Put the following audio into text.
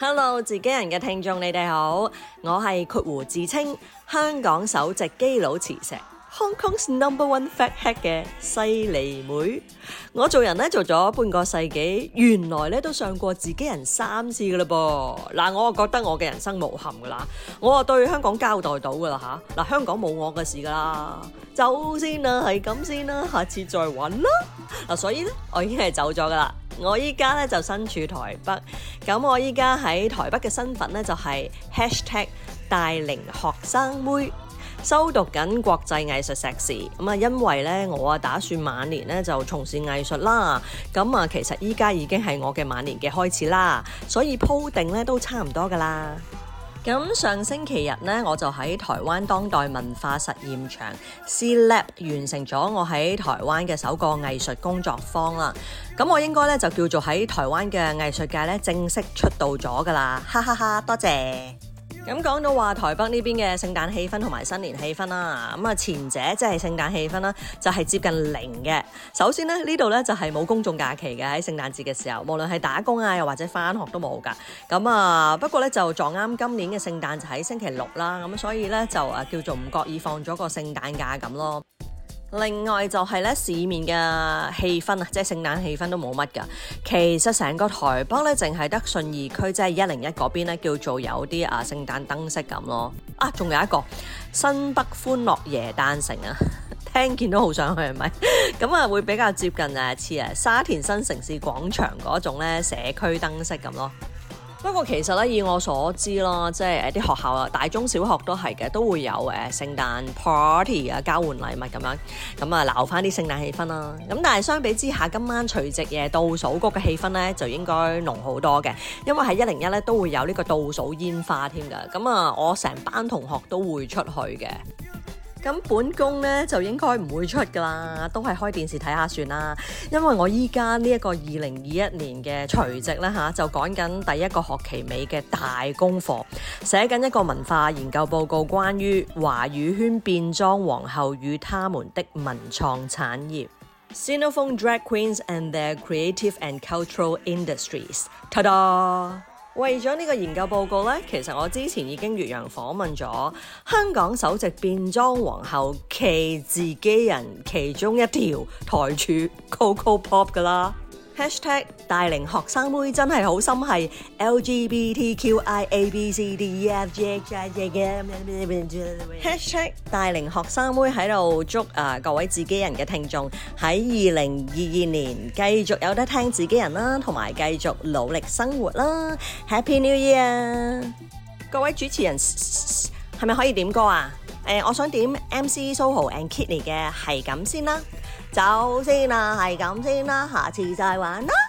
Hello，自己人嘅聽眾，你哋好，我係括弧自稱，香港首席基佬磁石。香港係 number one fat head 嘅茜利妹，我做人咧做咗半個世紀，原來咧都上過自己人三次噶啦噃。嗱，我就覺得我嘅人生無憾噶啦，我啊對香港交代到噶啦吓。嗱，香港冇我嘅事噶啦，走先啦，啊，係咁先啦，啊，下次再搵啦。嗱，所以咧，我已經係走咗噶啦。我依家咧就身處台北，咁我依家喺台北嘅身份咧就係、是、hashtag 大齡學生妹。修讀緊國際藝術碩士，咁啊，因為咧我啊打算晚年咧就從事藝術啦，咁啊，其實依家已經係我嘅晚年嘅開始啦，所以鋪定咧都差唔多噶啦。咁上星期日咧，我就喺台灣當代文化實驗場 C Lab 完成咗我喺台灣嘅首個藝術工作坊啦。咁我應該咧就叫做喺台灣嘅藝術界咧正式出道咗噶啦，哈哈哈，多謝。咁講到話台北呢邊嘅聖誕氣氛同埋新年氣氛啦，咁啊，前者即係聖誕氣氛啦，就係接近零嘅。首先咧，呢度咧就係冇公眾假期嘅喺聖誕節嘅時候，無論係打工啊又或者返學都冇㗎。咁啊，不過咧就撞啱今年嘅聖誕就喺星期六啦，咁所以咧就誒叫做唔覺意放咗個聖誕假咁咯。另外就係咧，市面嘅氣氛啊，即係聖誕氣氛都冇乜噶。其實成個台北咧，淨係得信義區即係一零一嗰邊咧，叫做有啲啊聖誕燈飾咁咯。啊，仲有一個新北歡樂耶誕城啊，聽見都好想去係咪？咁啊， 會比較接近誒，似誒沙田新城市廣場嗰種咧社區燈飾咁咯。不過其實咧，以我所知啦，即係誒啲學校啊，大中小學都係嘅，都會有誒聖誕 party 啊、交換禮物咁樣，咁啊，留翻啲聖誕氣氛啦。咁但係相比之下，今晚除夕夜倒數谷嘅氣氛咧，就應該濃好多嘅，因為喺一零一咧都會有呢個倒數煙花添㗎。咁啊，我成班同學都會出去嘅。咁本宮咧就應該唔會出㗎啦，都係開電視睇下算啦。因為我依家呢一個二零二一年嘅除夕啦嚇，就趕緊第一個學期尾嘅大功課，寫緊一個文化研究報告，關於華語圈變裝皇后與他們的文創產業。Sinophone Drag Queens and Their Creative and Cultural Industries，ta 為咗呢個研究報告呢，其實我之前已經越洋訪問咗香港首席變裝皇后——其自己人，其中一條台柱 Coco Pop 㗎啦。#大齡學生妹真係好心繫 LGBTQIABCDEFGHJIGM，# 大齡學生妹喺度祝啊各位自己人嘅聽眾喺二零二二年繼續有得聽自己人啦，同埋繼續努力生活啦！Happy New Year！各位主持人係咪可以點歌啊？誒、呃，我想點 MC Soho and Kitty 嘅係咁先啦，走先啦，啊，係咁先啦，啊，下次再玩啦。